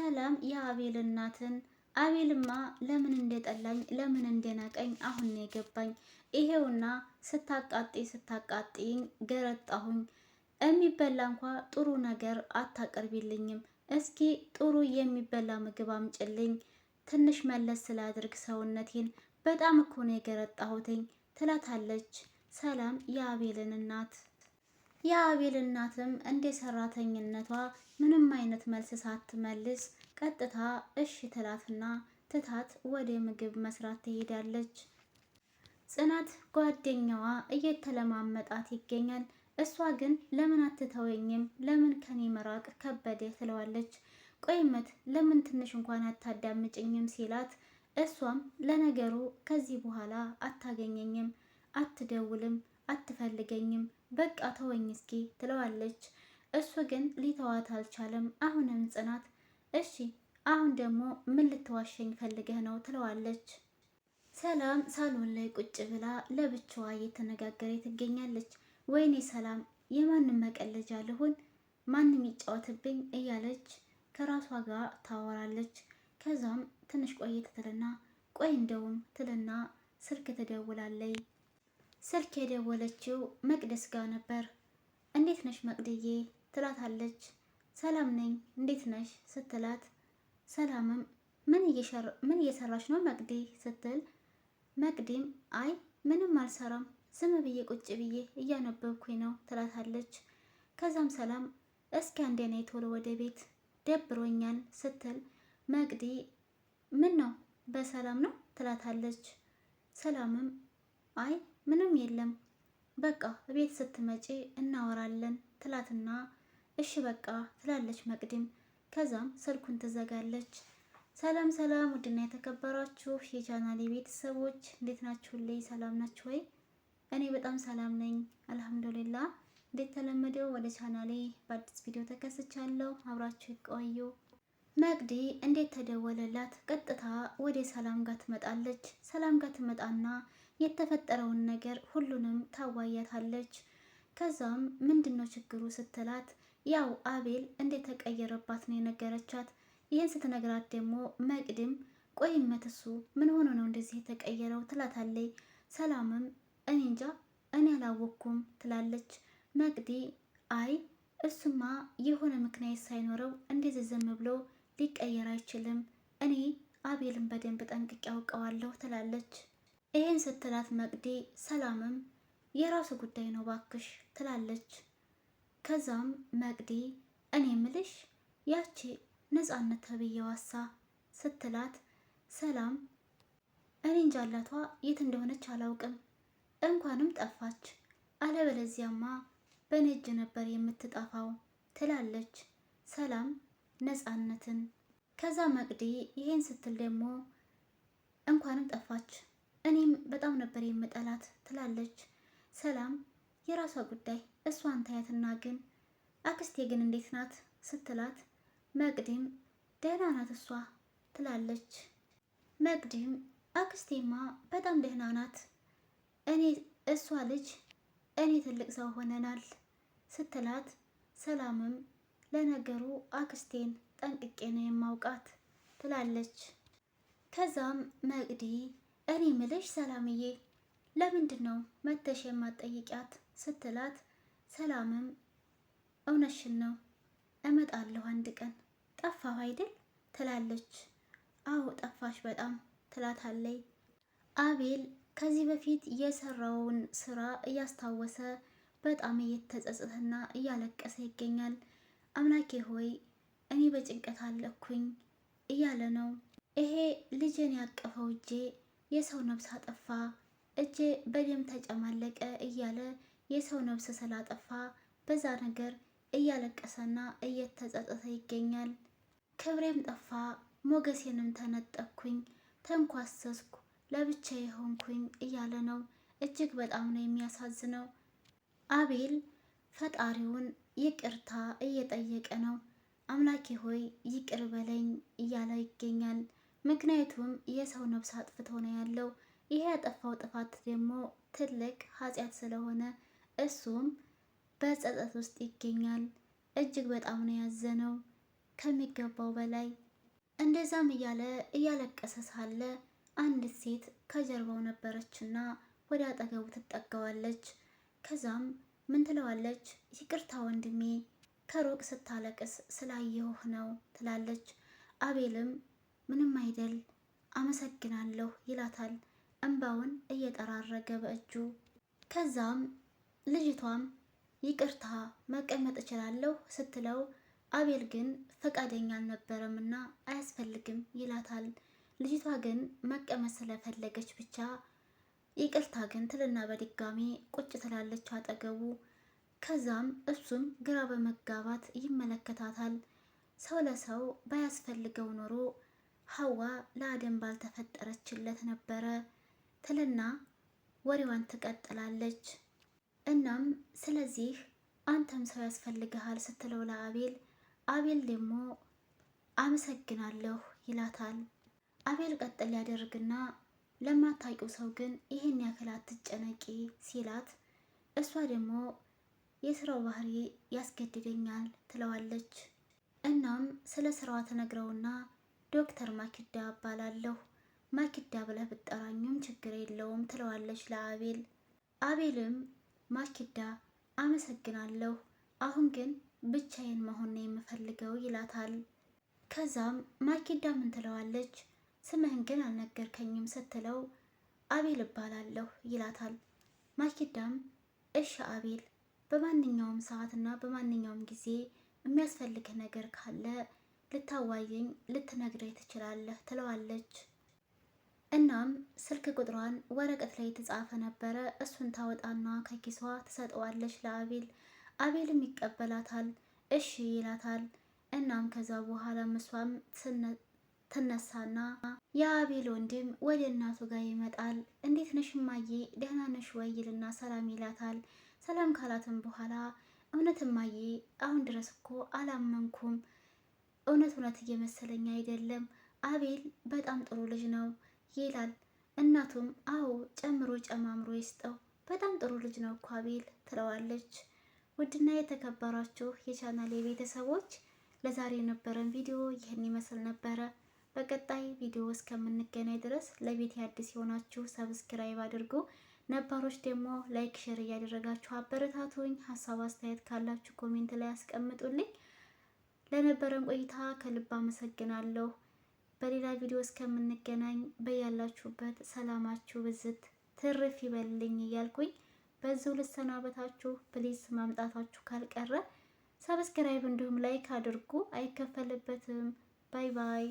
ሰላም የአቤል እናትን አቤልማ ለምን እንደጠላኝ ለምን እንደናቀኝ አሁን ነው የገባኝ። ይሄውና ስታቃጤ ስታቃጤኝ ገረጣሁኝ። የሚበላ እንኳ ጥሩ ነገር አታቀርቢልኝም። እስኪ ጥሩ የሚበላ ምግብ አምጭልኝ። ትንሽ መለስ ስላድርግ ሰውነቴን በጣም እኮ ነው የገረጣሁትኝ ትላታለች ሰላም የአቤልን እናት። የአቤል እናትም እንደ ሰራተኝነቷ ምንም አይነት መልስ ሳትመልስ ቀጥታ እሽ ትላትና ትታት ወደ ምግብ መስራት ትሄዳለች። ጽናት ጓደኛዋ እየተለማመጣት ይገኛል። እሷ ግን ለምን አትተወኝም? ለምን ከኔ መራቅ ከበደ? ትለዋለች። ቆይመት ለምን ትንሽ እንኳን አታዳምጭኝም? ሲላት እሷም ለነገሩ ከዚህ በኋላ አታገኘኝም፣ አትደውልም፣ አትፈልገኝም በቃ ተወኝ እስኪ ትለዋለች። እሱ ግን ሊተዋት አልቻለም። አሁንም ጽናት እሺ አሁን ደግሞ ምን ልትዋሸኝ ፈልገህ ነው ትለዋለች። ሰላም ሳሎን ላይ ቁጭ ብላ ለብቻዋ እየተነጋገረ ትገኛለች። ወይኔ ሰላም የማንም መቀለጃ ልሁን ማንም ይጫወትብኝ እያለች ከራሷ ጋር ታወራለች። ከዛም ትንሽ ቆየት ትልና ቆይ እንደውም ትልና ስልክ ትደውላለች። ስልክ የደወለችው መቅደስ ጋር ነበር። እንዴት ነሽ መቅደዬ ትላታለች። ሰላም ነኝ እንዴት ነሽ ስትላት፣ ሰላምም ምን እየሰራች ነው መቅዴ ስትል፣ መቅዴም አይ ምንም አልሰራም ዝም ብዬ ቁጭ ብዬ እያነበብኩኝ ነው ትላታለች። ከዛም ሰላም እስኪ አንዴ ነይ ቶሎ ወደ ቤት ደብሮኛል ስትል፣ መቅዴ ምን ነው በሰላም ነው ትላታለች። ሰላምም አይ ምንም የለም በቃ ቤት ስትመጪ እናወራለን ትላትና እሺ በቃ ትላለች መቅድም። ከዛም ስልኩን ትዘጋለች። ሰላም ሰላም፣ ውድና የተከበራችሁ የቻናሌ ቤተሰቦች እንዴት ናችሁልኝ? ሰላም ናችሁ ወይ? እኔ በጣም ሰላም ነኝ አልሐምዱሊላ። እንዴት ተለመደው ወደ ቻናሌ በአዲስ ቪዲዮ ተከስቻለሁ። አብራችሁ ይቆዩ። መቅዲ እንዴት ተደወለላት? ቀጥታ ወደ ሰላም ጋር ትመጣለች። ሰላም ጋር ትመጣና የተፈጠረውን ነገር ሁሉንም ታዋያታለች። ከዛም ምንድን ነው ችግሩ ስትላት ያው አቤል እንደተቀየረባት ነው የነገረቻት። ይህን ስትነግራት ደግሞ መቅድም ቆይ መትሱ ምን ሆኖ ነው እንደዚህ የተቀየረው ትላታለይ። ሰላምም እኔ እንጃ እኔ አላወቅኩም ትላለች። መቅዲ አይ እሱማ የሆነ ምክንያት ሳይኖረው እንደዚህ ዝም ብሎ ሊቀየር አይችልም። እኔ አቤልን በደንብ ጠንቅቄ አውቀዋለሁ ትላለች። ይህን ስትላት መቅዲ ሰላምም የራሱ ጉዳይ ነው ባክሽ ትላለች። ከዛም መቅዲ እኔ ምልሽ ያቺ ነፃነት ተብዬ ዋሳ ስትላት ሰላም እኔ እንጃ አላቷ የት እንደሆነች አላውቅም። እንኳንም ጠፋች፣ አለበለዚያማ በእኔ እጅ ነበር የምትጠፋው ትላለች ሰላም ነፃነትን። ከዛ መቅዲ ይሄን ስትል ደግሞ እንኳንም ጠፋች እኔም በጣም ነበር የምጠላት ትላለች ሰላም። የራሷ ጉዳይ እሷን ታያትና ግን አክስቴ ግን እንዴት ናት ስትላት መቅድም ደህና ናት እሷ ትላለች። መቅድም አክስቴማ በጣም ደህና ናት፣ እኔ እሷ ልጅ እኔ ትልቅ ሰው ሆነናል ስትላት ሰላምም ለነገሩ አክስቴን ጠንቅቄ ነው የማውቃት ትላለች። ከዛም መቅዲ እኔ ምልሽ ሰላምዬ ለምንድን ነው መተሽ የማትጠይቂያት ስትላት ሰላምም እውነሽን ነው እመጣለሁ አንድ ቀን ጠፋሁ አይደል ትላለች። አዎ ጠፋሽ በጣም ትላታለይ። አቤል ከዚህ በፊት የሰራውን ስራ እያስታወሰ በጣም እየተጸጸተና እያለቀሰ ይገኛል። አምላኬ ሆይ እኔ በጭንቀት አለኩኝ እያለ ነው። ይሄ ልጅን ያቀፈው እጄ የሰው ነብስ አጠፋ፣ እጄ በደም ተጨማለቀ እያለ የሰው ነብስ ስላጠፋ በዛ ነገር እያለቀሰና እየተጸጸተ ይገኛል። ክብሬም ጠፋ፣ ሞገሴንም ተነጠኩኝ፣ ተንኳሰስኩ፣ ለብቻ የሆንኩኝ እያለ ነው። እጅግ በጣም ነው የሚያሳዝነው። አቤል ፈጣሪውን ይቅርታ እየጠየቀ ነው። አምላኬ ሆይ ይቅር በለኝ እያለ ይገኛል። ምክንያቱም የሰው ነፍስ አጥፍቶ ነው ያለው። ይሄ ያጠፋው ጥፋት ደግሞ ትልቅ ኃጢአት ስለሆነ እሱም በጸጸት ውስጥ ይገኛል። እጅግ በጣም ነው ያዘነው ከሚገባው በላይ። እንደዛም እያለ እያለቀሰ ሳለ አንዲት ሴት ከጀርባው ነበረችና ወደ አጠገቡ ትጠጋዋለች። ከዛም ምን ትለዋለች? ይቅርታ ወንድሜ፣ ከሩቅ ስታለቅስ ስላየሁህ ነው ትላለች። አቤልም ምንም አይደል አመሰግናለሁ ይላታል እንባውን እየጠራረገ በእጁ። ከዛም ልጅቷም ይቅርታ መቀመጥ እችላለሁ ስትለው አቤል ግን ፈቃደኛ አልነበረም እና አያስፈልግም ይላታል። ልጅቷ ግን መቀመጥ ስለፈለገች ብቻ ይቅርታ ግን ትልና በድጋሚ ቁጭ ትላለች አጠገቡ። ከዛም እሱም ግራ በመጋባት ይመለከታታል። ሰው ለሰው ባያስፈልገው ኖሮ ሀዋ ለአደም ባልተፈጠረችለት ነበረ ትልና ወሬዋን ትቀጥላለች። እናም ስለዚህ አንተም ሰው ያስፈልግሃል ስትለው ለአቤል አቤል ደግሞ አመሰግናለሁ ይላታል። አቤል ቀጥል ያደርግና ለማታውቂው ሰው ግን ይህን ያክል አትጨነቂ ሲላት፣ እሷ ደግሞ የስራው ባህሪ ያስገድደኛል ትለዋለች። እናም ስለ ስራዋ ተነግረውና ዶክተር ማኪዳ እባላለሁ። ማኪዳ ብለህ ብጠራኝም ችግር የለውም ትለዋለች ለአቤል። አቤልም ማኪዳ አመሰግናለሁ፣ አሁን ግን ብቻዬን መሆን ነው የምፈልገው ይላታል። ከዛም ማኪዳ ምን ትለዋለች? ስምህን ግን አልነገርከኝም ስትለው አቤል እባላለሁ ይላታል። ማኪዳም እሺ አቤል፣ በማንኛውም ሰዓትና በማንኛውም ጊዜ የሚያስፈልግህ ነገር ካለ ልታዋየኝ ልትነግረኝ ትችላለህ ትለዋለች። እናም ስልክ ቁጥሯን ወረቀት ላይ የተጻፈ ነበረ። እሱን ታወጣና ከኪሷ ትሰጠዋለች ለአቤል። አቤልም ይቀበላታል፣ እሺ ይላታል። እናም ከዛ በኋላ እሷም ትነሳና የአቤል ወንድም ወደ እናቱ ጋር ይመጣል። እንዴት ነሽ እማዬ ደህና ነሽ ወይ ይልና ሰላም ይላታል። ሰላም ካላትም በኋላ እውነት እማዬ አሁን ድረስ እኮ አላመንኩም እውነት እውነት እየመሰለኝ አይደለም፣ አቤል በጣም ጥሩ ልጅ ነው ይላል። እናቱም አዎ ጨምሮ ጨማምሮ ይስጠው፣ በጣም ጥሩ ልጅ ነው እኮ አቤል ትለዋለች። ውድና የተከበራችሁ የቻናል የቤተሰቦች ለዛሬ የነበረን ቪዲዮ ይህን ይመስል ነበረ። በቀጣይ ቪዲዮ እስከምንገናኝ ድረስ ለቤት አዲስ የሆናችሁ ሰብስክራይብ አድርጉ፣ ነባሮች ደግሞ ላይክ፣ ሼር እያደረጋችሁ አበረታቱኝ። ሀሳብ አስተያየት ካላችሁ ኮሜንት ላይ አስቀምጡልኝ። ለነበረን ቆይታ ከልብ አመሰግናለሁ። በሌላ ቪዲዮ እስከምንገናኝ በያላችሁበት ሰላማችሁ ብዝት ትርፍ ይበልልኝ እያልኩኝ በዚሁ ልሰናበታችሁ። ፕሊዝ ማምጣታችሁ ካልቀረ ሰብስክራይብ እንዲሁም ላይክ አድርጉ፣ አይከፈልበትም። ባይ ባይ።